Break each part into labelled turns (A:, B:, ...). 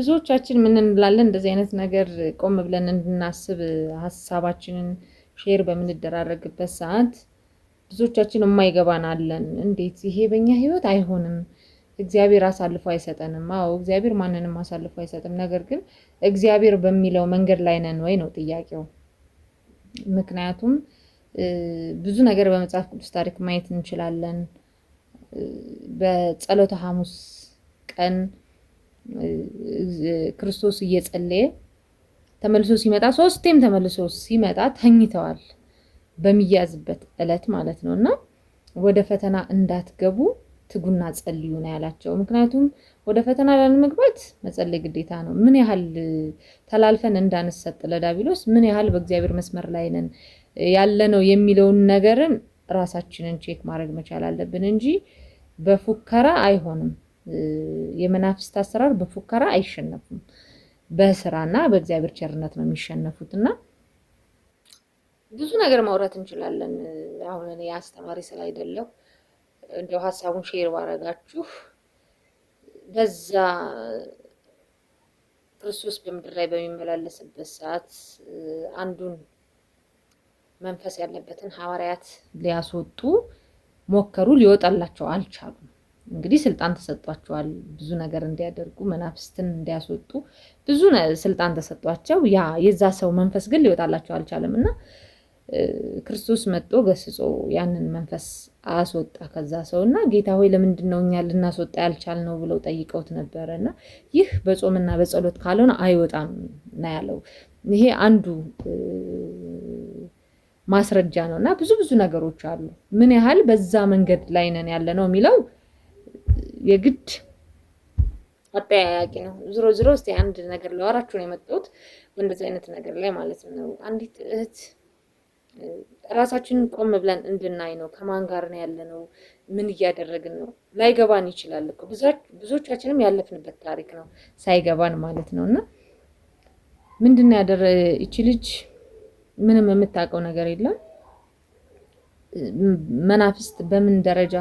A: ብዙዎቻችን ምን እንላለን? እንደዚህ አይነት ነገር ቆም ብለን እንድናስብ ሀሳባችንን ሼር በምንደራረግበት ሰዓት ብዙዎቻችን የማይገባን አለን። እንዴት ይሄ በኛ ህይወት አይሆንም፣ እግዚአብሔር አሳልፎ አይሰጠንም። አዎ እግዚአብሔር ማንንም አሳልፎ አይሰጥም። ነገር ግን እግዚአብሔር በሚለው መንገድ ላይ ነን ወይ ነው ጥያቄው። ምክንያቱም ብዙ ነገር በመጽሐፍ ቅዱስ ታሪክ ማየት እንችላለን። በጸሎተ ሐሙስ ቀን ክርስቶስ እየጸለየ ተመልሶ ሲመጣ ሶስቴም ተመልሶ ሲመጣ ተኝተዋል፣ በሚያዝበት እለት ማለት ነው። እና ወደ ፈተና እንዳትገቡ ትጉና ጸልዩ ነው ያላቸው። ምክንያቱም ወደ ፈተና ላለመግባት መጸለይ ግዴታ ነው። ምን ያህል ተላልፈን እንዳንሰጥ ለዳቢሎስ ምን ያህል በእግዚአብሔር መስመር ላይ ነን ያለ ነው የሚለውን ነገርን ራሳችንን ቼክ ማድረግ መቻል አለብን እንጂ በፉከራ አይሆንም። የመናፍስት አሰራር በፉከራ አይሸነፉም። በስራና በእግዚአብሔር ቸርነት ነው የሚሸነፉት። እና
B: ብዙ ነገር ማውራት እንችላለን። አሁን እኔ አስተማሪ ስላይደለሁ እንደው ሀሳቡን ሼር ባረጋችሁ በዛ ክርስቶስ በምድር ላይ በሚመላለስበት ሰዓት አንዱን መንፈስ ያለበትን ሐዋርያት
A: ሊያስወጡ ሞከሩ፣ ሊወጣላቸው አልቻሉም። እንግዲህ ስልጣን ተሰጧቸዋል፣ ብዙ ነገር እንዲያደርጉ መናፍስትን እንዲያስወጡ ብዙ ስልጣን ተሰጧቸው። ያ የዛ ሰው መንፈስ ግን ሊወጣላቸው አልቻለም እና ክርስቶስ መጦ ገስጾ ያንን መንፈስ አስወጣ ከዛ ሰው እና ጌታ ሆይ ለምንድን ነው እኛ ልናስወጣ ያልቻል ነው ብለው ጠይቀውት ነበረ እና ይህ በጾምና በጸሎት ካልሆነ አይወጣም ና ያለው። ይሄ አንዱ ማስረጃ ነው እና ብዙ ብዙ ነገሮች አሉ። ምን ያህል በዛ መንገድ ላይ ነን ያለ ነው የሚለው የግድ
B: አጠያያቂ ነው። ዝሮ ዝሮ እስቲ አንድ ነገር ላወራችሁ ነው የመጣሁት በእንደዚህ አይነት ነገር ላይ ማለት ነው። አንዲት እህት ራሳችን ቆም ብለን እንድናይ ነው። ከማን ጋር ነው ያለነው? ምን እያደረግን ነው? ላይገባን ይችላል እኮ ብዙዎቻችንም ያለፍንበት ታሪክ ነው ሳይገባን ማለት ነው። እና
A: ምንድን ያደረ ይቺ ልጅ ምንም የምታውቀው ነገር የለም መናፍስት በምን ደረጃ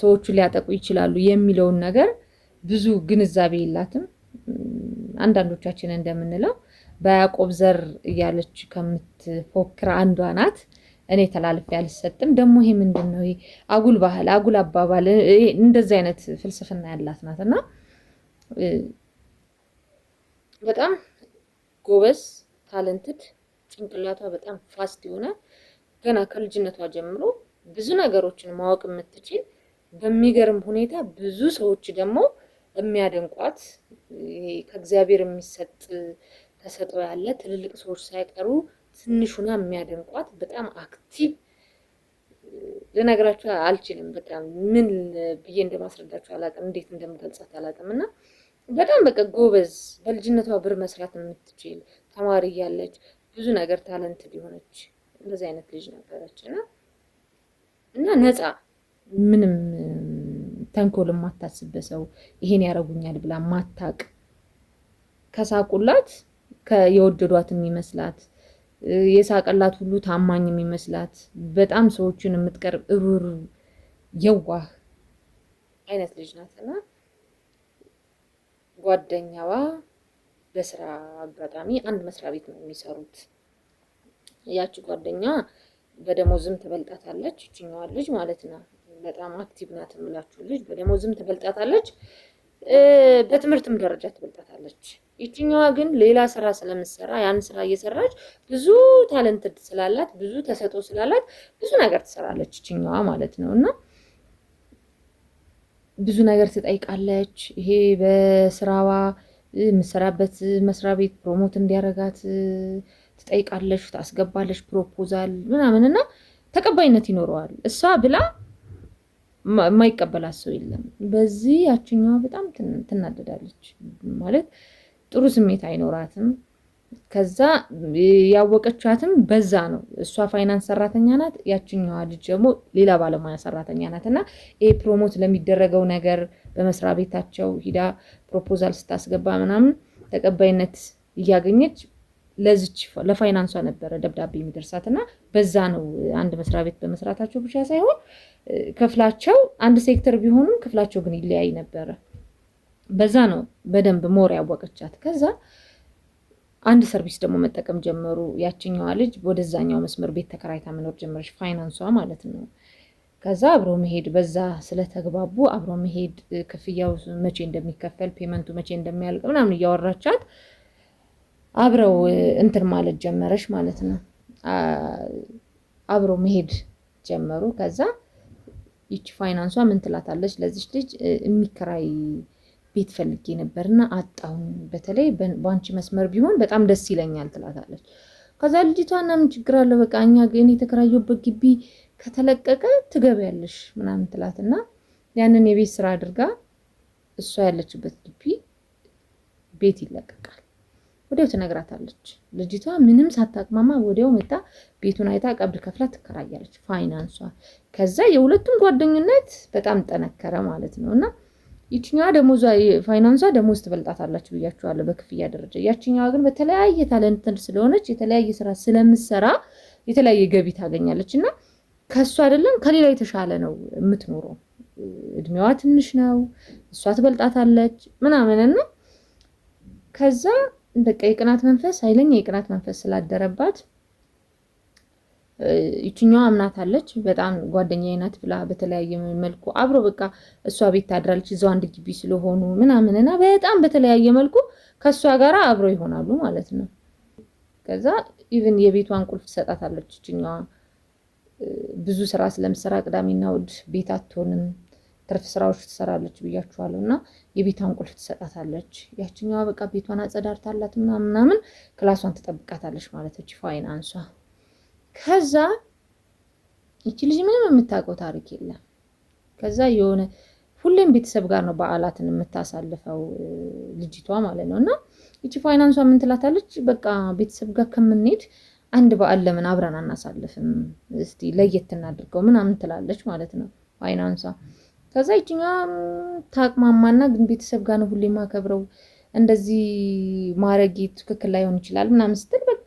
A: ሰዎቹ ሊያጠቁ ይችላሉ የሚለውን ነገር ብዙ ግንዛቤ የላትም። አንዳንዶቻችን እንደምንለው በያዕቆብ ዘር እያለች ከምትፎክር አንዷ ናት። እኔ ተላልፌ አልሰጥም። ደግሞ ይሄ ምንድን ነው? አጉል ባህል፣ አጉል አባባል እንደዚህ አይነት ፍልስፍና ያላት ናት እና
B: በጣም ጎበዝ ታለንትድ፣ ጭንቅላቷ በጣም ፋስት የሆነ ገና ከልጅነቷ ጀምሮ ብዙ ነገሮችን ማወቅ የምትችል በሚገርም ሁኔታ ብዙ ሰዎች ደግሞ የሚያደንቋት ከእግዚአብሔር የሚሰጥ ተሰጥኦ ያለ ትልልቅ ሰዎች ሳይቀሩ ትንሹና የሚያደንቋት በጣም አክቲቭ ልነግራችሁ አልችልም። በጣም ምን ብዬ እንደማስረዳችሁ አላውቅም፣ እንዴት እንደምገልጻት አላውቅም። እና በጣም በቃ ጎበዝ፣ በልጅነቷ ብር መስራት የምትችል ተማሪ እያለች ብዙ ነገር ታለንት ሊሆነች እንደዚህ አይነት ልጅ ነበረች እና
A: እና ነፃ ምንም ተንኮል የማታስበ ሰው ይሄን ያደርጉኛል ብላ ማታቅ ከሳቁላት የወደዷት የሚመስላት የሳቀላት ሁሉ ታማኝ የሚመስላት በጣም ሰዎቹን የምትቀርብ እሩር የዋህ
B: አይነት ልጅ እና ጓደኛዋ በስራ አጋጣሚ አንድ መስሪያ ቤት ነው የሚሰሩት። ያቺ ጓደኛ በደሞዝም ትበልጣታለች ይችኛዋ ልጅ ማለት ነው። በጣም አክቲቭ ናት የምላችሁ ልጅ በደሞዝም ትበልጣታለች፣ በትምህርትም ደረጃ ትበልጣታለች። ይችኛዋ ግን ሌላ ስራ ስለምትሰራ ያን ስራ እየሰራች ብዙ ታለንትድ ስላላት ብዙ ተሰጦ ስላላት ብዙ ነገር ትሰራለች ይችኛዋ ማለት ነው እና
A: ብዙ ነገር ትጠይቃለች። ይሄ በስራዋ የምትሰራበት መስሪያ ቤት ፕሮሞት እንዲያረጋት ትጠይቃለሽ፣ ታስገባለሽ ፕሮፖዛል ምናምን እና ተቀባይነት ይኖረዋል። እሷ ብላ የማይቀበላት ሰው የለም። በዚህ ያችኛዋ በጣም ትናደዳለች። ማለት ጥሩ ስሜት አይኖራትም። ከዛ ያወቀቻትም በዛ ነው። እሷ ፋይናንስ ሰራተኛ ናት፣ ያችኛዋ ልጅ ደግሞ ሌላ ባለሙያ ሰራተኛ ናት። እና ይሄ ፕሮሞት ለሚደረገው ነገር በመስሪያ ቤታቸው ሂዳ ፕሮፖዛል ስታስገባ ምናምን ተቀባይነት እያገኘች ለዚች ለፋይናንሷ ነበረ ደብዳቤ የሚደርሳት እና በዛ ነው አንድ መስሪያ ቤት በመስራታቸው ብቻ ሳይሆን ክፍላቸው አንድ ሴክተር ቢሆኑም ክፍላቸው ግን ይለያይ ነበረ። በዛ ነው በደንብ ሞር ያወቀቻት። ከዛ አንድ ሰርቪስ ደግሞ መጠቀም ጀመሩ። ያችኛዋ ልጅ ወደዛኛው መስመር ቤት ተከራይታ መኖር ጀመረች፣ ፋይናንሷ ማለት ነው። ከዛ አብሮ መሄድ በዛ ስለተግባቡ አብሮ መሄድ፣ ክፍያው መቼ እንደሚከፈል ፔመንቱ መቼ እንደሚያልቅ ምናምን እያወራቻት አብረው እንትን ማለት ጀመረች ማለት ነው። አብረው መሄድ ጀመሩ። ከዛ ይቺ ፋይናንሷ ምን ትላታለች ለዚች ልጅ የሚከራይ ቤት ፈልጌ ነበርና አጣሁኝ፣ በተለይ በአንቺ መስመር ቢሆን በጣም ደስ ይለኛል ትላታለች። ከዛ ልጅቷ እና ምን ችግር አለው በቃ እኛ ግን የተከራየሁበት ግቢ ከተለቀቀ ትገቢያለሽ ምናምን ትላትና ያንን የቤት ስራ አድርጋ እሷ ያለችበት ግቢ ቤት ይለቀቃል። ወዲያው ትነግራታለች። ልጅቷ ምንም ሳታቅማማ ወዲያው መጣ ቤቱን አይታ ቀብድ ከፍላ ትከራያለች፣ ፋይናንሷ። ከዛ የሁለቱም ጓደኝነት በጣም ጠነከረ ማለት ነው እና ይችኛዋ ደሞዟ ፋይናንሷ ደሞዝ ትበልጣታላችሁ ብያችኋለሁ፣ በክፍያ ደረጃ። ያችኛዋ ግን በተለያየ ታለንት ስለሆነች የተለያየ ስራ ስለምሰራ የተለያየ ገቢ ታገኛለች እና ከእሱ አይደለም ከሌላ የተሻለ ነው የምትኖረው። እድሜዋ ትንሽ ነው፣ እሷ ትበልጣታለች ምናምን እና ከዛ በቃ የቅናት መንፈስ ኃይለኛ የቅናት መንፈስ ስላደረባት ይችኛዋ አምናት አለች። በጣም ጓደኛ ናት ብላ በተለያየ መልኩ አብሮ በቃ እሷ ቤት ታድራለች፣ እዛው አንድ ግቢ ስለሆኑ ምናምንና በጣም በተለያየ መልኩ ከእሷ ጋር አብሮ ይሆናሉ ማለት ነው። ከዛ ኢቭን የቤቷን ቁልፍ ትሰጣታለች። ይችኛዋ ብዙ ስራ ስለምሰራ ቅዳሜና እሑድ ቤት አትሆንም። ትርፍ ስራዎች ትሰራለች ብያችኋለሁ። እና የቤቷን ቁልፍ ትሰጣታለች። ያችኛዋ በቃ ቤቷን አጸዳርታላት ምናምን ክላሷን ትጠብቃታለች ማለት እች ፋይናንሷ። ከዛ ይቺ ልጅ ምንም የምታውቀው ታሪክ የለም። ከዛ የሆነ ሁሌም ቤተሰብ ጋር ነው በዓላትን የምታሳልፈው ልጅቷ ማለት ነው። እና ይቺ ፋይናንሷ ምን ትላታለች? በቃ ቤተሰብ ጋር ከምንሄድ አንድ በዓል ለምን አብረን አናሳልፍም? እስቲ ለየት እናድርገው ምናምን ትላለች ማለት ነው ፋይናንሷ ከዛ ይችኛ ታቅማማና ግን ቤተሰብ ጋር ነው ሁሌ ማከብረው እንደዚህ ማረጌ ትክክል ላይሆን ይችላል ምናምን ስትል በቃ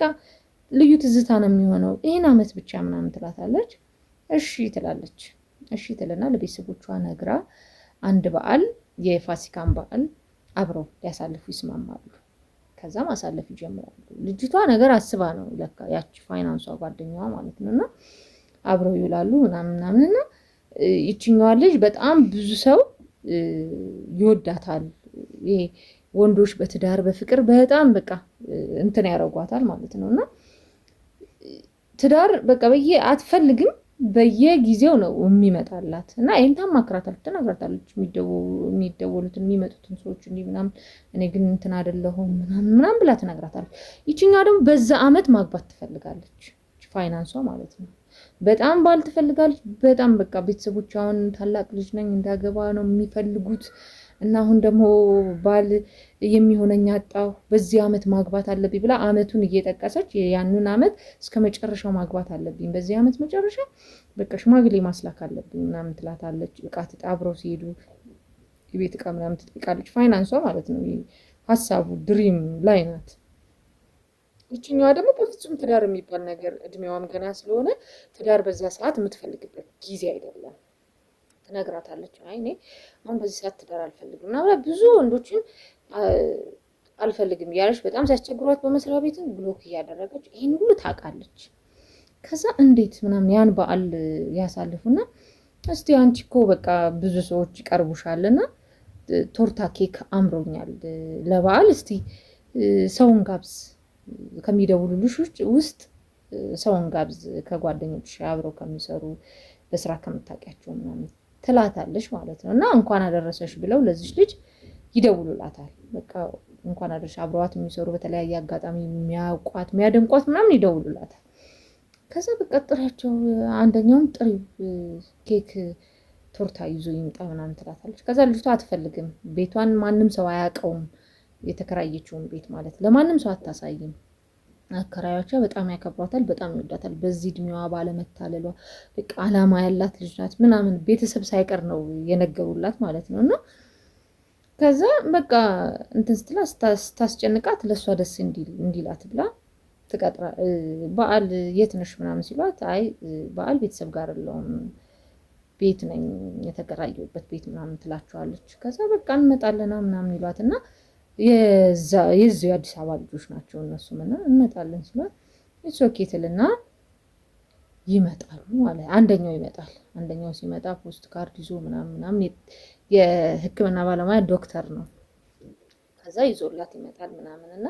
A: ልዩ ትዝታ ነው የሚሆነው። ይህን አመት ብቻ ምናምን ትላታለች። እሺ ትላለች። እሺ ትልና ለቤተሰቦቿ ነግራ አንድ በዓል የፋሲካን በዓል አብረው ሊያሳልፉ ይስማማሉ። ከዛ ማሳለፍ ይጀምራሉ። ልጅቷ ነገር አስባ ነው ለካ ያቺ ፋይናንሷ ጓደኛዋ ማለት ነው። እና አብረው ይውላሉ ምናምን ምናምንና ይችኛዋ ልጅ በጣም ብዙ ሰው ይወዳታል። ይሄ ወንዶች በትዳር በፍቅር በጣም በቃ እንትን ያደርጓታል ማለት ነው። እና ትዳር በቃ በየ አትፈልግም በየጊዜው ነው የሚመጣላት እና ይህን ታማክራታለች፣ ትነግራታለች የሚደወሉትን የሚመጡትን ሰዎች እንዲህ ምናምን እኔ ግን እንትን አይደለሁም ምናምን ምናምን ብላ ትነግራታለች። ይችኛዋ ደግሞ በዛ አመት ማግባት ትፈልጋለች፣ ፋይናንሷ ማለት ነው። በጣም ባል ትፈልጋለች። በጣም በቃ ቤተሰቦች አሁን ታላቅ ልጅ ነኝ እንዳገባ ነው የሚፈልጉት እና አሁን ደግሞ ባል የሚሆነኝ አጣሁ፣ በዚህ አመት ማግባት አለብኝ ብላ አመቱን እየጠቀሰች ያንን አመት እስከ መጨረሻው ማግባት አለብኝ፣ በዚህ አመት መጨረሻ በቃ ሽማግሌ ማስላክ አለብኝ ምናምን ትላታለች። እቃ አብረው ሲሄዱ የቤት እቃ ምናምን ትጠይቃለች። ፋይናንሷ ማለት ነው ሀሳቡ ድሪም ላይ ናት።
B: ይችኛዋ ደግሞ በፍጹም ትዳር የሚባል ነገር እድሜዋም ገና ስለሆነ ትዳር በዛ ሰዓት የምትፈልግበት ጊዜ አይደለም። ትነግራታለች፣ አይ እኔ አሁን በዚህ ሰዓት ትዳር አልፈልግም ና ብዙ ወንዶችን አልፈልግም እያለች በጣም ሲያስቸግሯት በመስሪያ ቤትም ብሎክ እያደረገች ይህን ሁሉ ታውቃለች።
A: ከዛ እንዴት ምናምን ያን በዓል ያሳልፉና እስቲ አንቺ እኮ በቃ ብዙ ሰዎች ይቀርቡሻል ቶርታ ኬክ አምሮኛል ለበዓል እስቲ ሰውን ጋብዝ ከሚደውሉልሽ ውስጥ ሰውን ጋብዝ፣ ከጓደኞች አብረው ከሚሰሩ በስራ ከምታውቂያቸው ምናምን ትላታለሽ ማለት ነው። እና እንኳን አደረሰሽ ብለው ለዚች ልጅ ይደውሉላታል። በቃ እንኳን አደረሰሽ አብረዋት የሚሰሩ በተለያየ አጋጣሚ የሚያውቋት የሚያደንቋት ምናምን ይደውሉላታል። ከዛ በቃ ጥሪያቸው አንደኛውም ጥሪ ኬክ ቶርታ ይዞ ይምጣ ምናምን ትላታለች። ከዛ ልጅቷ አትፈልግም። ቤቷን ማንም ሰው አያውቀውም። የተከራየችውን ቤት ማለት ለማንም ሰው አታሳይም። አከራዮቿ በጣም ያከብሯታል፣ በጣም ይወዳታል። በዚህ እድሜዋ ባለመታለሏ በቃ አላማ ያላት ልጅ ናት ምናምን ቤተሰብ ሳይቀር ነው የነገሩላት ማለት ነው። እና ከዛ በቃ እንትን ስትላ ስታስጨንቃት ለእሷ ደስ እንዲላት ብላ ትቀጥራ በዓል የት ነሽ ምናምን ሲሏት፣ አይ በዓል ቤተሰብ ጋር የለውም ቤት ነኝ የተከራየሁበት ቤት ምናምን ትላቸዋለች። ከዛ በቃ እንመጣለና ምናምን ይሏት እና የዚሁ የአዲስ አበባ ልጆች ናቸው እነሱም እና እንመጣለን ሲሏል ሶኬትልና ይመጣሉ ማለት አንደኛው ይመጣል። አንደኛው ሲመጣ ፖስት ካርድ ይዞ ምናምን ምናምን የህክምና ባለሙያ ዶክተር ነው።
B: ከዛ ይዞላት ይመጣል ምናምን እና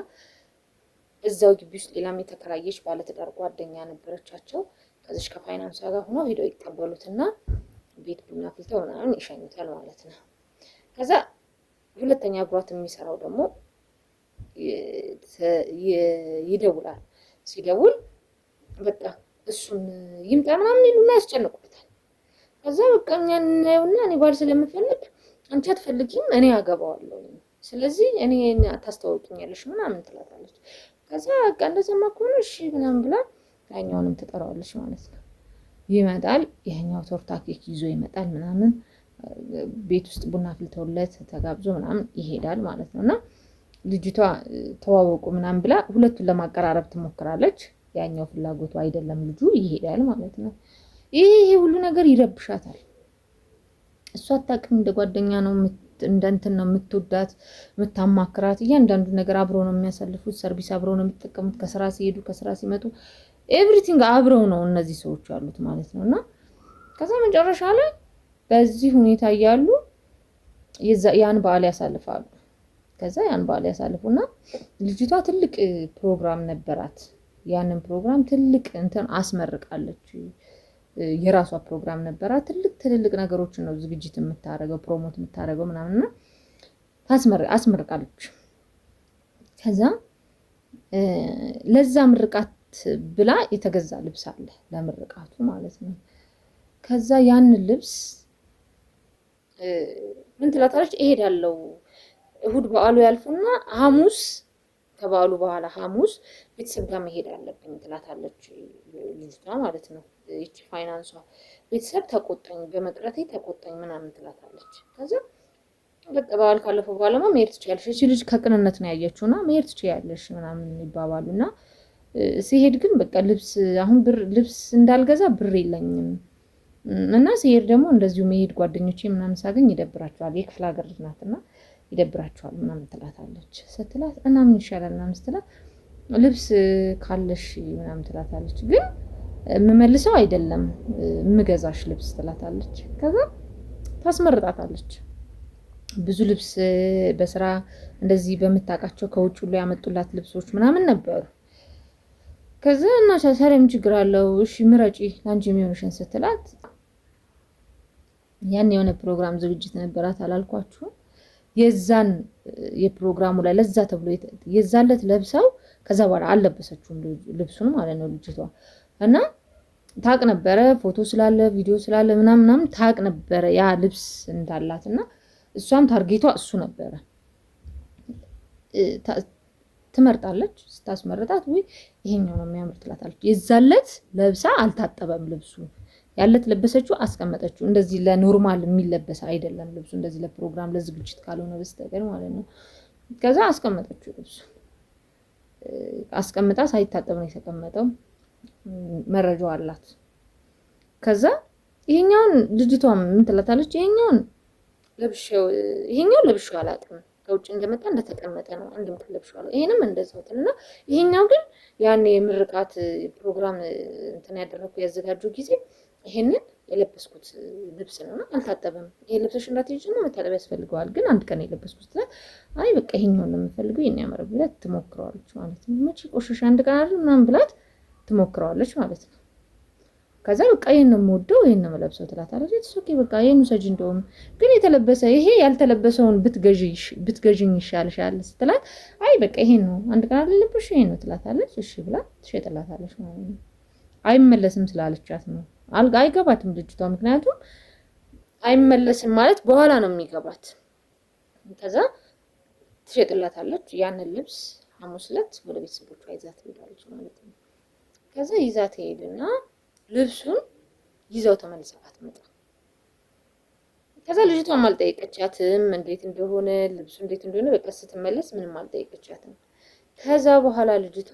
B: እዛው ግቢ ውስጥ ሌላም የተከራየች ባለትዳር ጓደኛ ነበረቻቸው። ከዚች ከፋይናንስ ጋር ሆኖ ሄደው ይቀበሉትና ቤት ቡና ፍልተው ምናምን ይሸኙታል ማለት ነው ከዛ ሁለተኛ እግሯት የሚሰራው ደግሞ ይደውላል። ሲደውል በቃ እሱን ይምጣ ምናምን ይሉና ያስጨንቁበታል። ከዛ በቃ እኛ እናየውና እኔ ባል ስለምፈልግ አንቺ አትፈልጊም እኔ አገባዋለሁ፣ ስለዚህ እኔ ታስተዋውቂኛለሽ ምናምን ትላታለች። ከዛ በቃ እንደዚያማ ከሆነ እሺ ምናምን ብላ ያኛውንም ትጠራዋለች ማለት ነው።
A: ይመጣል። ይሄኛው ቶርታ ኬክ ይዞ ይመጣል ምናምን ቤት ውስጥ ቡና አፍልተውለት ተጋብዞ ምናምን ይሄዳል ማለት ነው። እና ልጅቷ ተዋወቁ ምናምን ብላ ሁለቱን ለማቀራረብ ትሞክራለች። ያኛው ፍላጎቱ አይደለም፣ ልጁ ይሄዳል ማለት ነው። ይሄ ሁሉ ነገር ይረብሻታል። እሷ አታውቅም። እንደ ጓደኛ ነው እንደንትን ነው የምትወዳት የምታማክራት። እያንዳንዱ ነገር አብረው ነው የሚያሳልፉት፣ ሰርቪስ አብረው ነው የሚጠቀሙት። ከስራ ሲሄዱ ከስራ ሲመጡ ኤቭሪቲንግ አብረው ነው እነዚህ ሰዎች ያሉት ማለት ነው እና ከዛ መጨረሻ ላይ በዚህ ሁኔታ እያሉ ያን በዓል ያሳልፋሉ። ከዛ ያን በዓል ያሳልፉና ልጅቷ ትልቅ ፕሮግራም ነበራት። ያንን ፕሮግራም ትልቅ እንትን አስመርቃለች። የራሷ ፕሮግራም ነበራት። ትልቅ ትልልቅ ነገሮችን ነው ዝግጅት የምታደርገው ፕሮሞት የምታደርገው ምናምንና አስመርቃለች። ከዛ ለዛ ምርቃት ብላ የተገዛ ልብስ አለ ለምርቃቱ ማለት ነው። ከዛ ያንን ልብስ ምን ትላታለች? እሄዳለሁ እሁድ በዓሉ ያልፍና ሐሙስ ከበዓሉ በኋላ ሐሙስ ቤተሰብ ጋር መሄድ አለብኝ ትላታለች፣ ልጅቷ ማለት ነው። ይቺ ፋይናንሷ ቤተሰብ ተቆጣኝ፣ በመቅረቴ ተቆጣኝ ምናምን ትላታለች። ከዛ በቃ በዓል ካለፈው በኋላማ መሄድ ትችያለሽ፣ እቺ ልጅ ከቅንነት ነው ያየችው እና መሄድ ትችያለሽ ምናምን ይባባሉ እና ሲሄድ ግን በቃ ልብስ አሁን ብር ልብስ እንዳልገዛ ብር የለኝም እና ሲሄድ ደግሞ እንደዚሁ መሄድ ጓደኞቼ ምናምን ሳገኝ ይደብራቸዋል። የክፍለ ሀገር ልጅ ናትና ይደብራቸዋል ምናምን ትላታለች። ስትላት እና ምን ይሻላል ምናምን ስትላት ልብስ ካለሽ ምናምን ትላታለች። ግን የምመልሰው አይደለም የምገዛሽ ልብስ ትላታለች። ከዛ ታስመርጣታለች። ብዙ ልብስ በስራ እንደዚህ በምታውቃቸው ከውጭ ሁሉ ያመጡላት ልብሶች ምናምን ነበሩ። ከዛ እና ቻቻሪም ችግር አለው እሺ ምረጪ ለአንቺ የሚሆንሽን ስትላት ያን የሆነ ፕሮግራም ዝግጅት ነበራት አላልኳችሁም? የዛን የፕሮግራሙ ላይ ለዛ ተብሎ የዛለት ለብሰው ከዛ በኋላ አልለበሰችውም ልብሱን ማለት ነው ልጅቷ እና ታቅ ነበረ ፎቶ ስላለ ቪዲዮ ስላለ ምናምን ምናምን ታቅ ነበረ ያ ልብስ እንዳላት እና እሷም ታርጌቷ እሱ ነበረ። ትመርጣለች ስታስመርጣት፣ ወይ ይሄኛው ነው የሚያምር ትላታለች። የዛለት ለብሳ አልታጠበም ልብሱ ያለት ለበሰችው አስቀመጠችው። እንደዚህ ለኖርማል የሚለበስ አይደለም ልብሱ እንደዚህ ለፕሮግራም ለዝግጅት ካልሆነ በስተቀር ማለት ነው። ከዛ አስቀመጠችው ልብሱ አስቀምጣ ሳይታጠብ ነው የተቀመጠው። መረጃው አላት። ከዛ ይሄኛውን ልጅቷ ምን ትላታለች? ይሄኛውን ለብሼው ይሄኛውን ለብሼው አላውቅም ከውጭ እንደመጣ እንደተቀመጠ ነው አንድ ምክር ለብሼዋለሁ። ይሄንም እንደዛው እና ይሄኛው ግን ያን የምርቃት ፕሮግራም እንትን ያደረኩ ያዘጋጁ ጊዜ ይሄንን የለበስኩት ልብስ ነው ነውና አልታጠበም። ይሄ ልብሶች እንዳትይዥ ነው መታጠብ ያስፈልገዋል። ግን አንድ ቀን የለበስኩት ስለ አይ በቃ ይሄኛውን ነው የምፈልገው ይሄን ያምራል ብላት ትሞክረዋለች ማለት ነው። መቼ ቆሾሽ አንድ ቀን አይደል ምናምን ብላት ትሞክረዋለች ማለት ነው። ከዛ በቃ ይሄን ነው የምወደው ይሄን ነው የምለብሰው ትላታለች። እሱ ኦኬ በቃ ይሄን ውሰጅ፣ እንደውም ግን የተለበሰ ይሄ ያልተለበሰውን ብትገዥኝ ይሻልሻል ስትላት አይ በቃ ይሄን ነው አንድ ቀን አይደል ልብሽ ይሄን ነው ትላታለች። እሺ ብላ ትሸጥላታለች ማለት ነው። አይመለስም ስላለቻት ነው አይገባትም ልጅቷ። ምክንያቱም አይመለስም ማለት በኋላ ነው የሚገባት። ከዛ ትሸጥላታለች ያንን ልብስ ሐሙስ ዕለት ወደ ቤተሰቦቿ ይዛ ትሄዳለች ማለት ነው። ከዛ ይዛ ትሄድና ልብሱን ይዘው ተመልሳ አትመጣ። ከዛ ልጅቷም አልጠየቀቻትም እንዴት እንደሆነ ልብሱ እንዴት እንደሆነ በቃ ስትመለስ ምንም አልጠየቀቻትም። ከዛ በኋላ ልጅቷ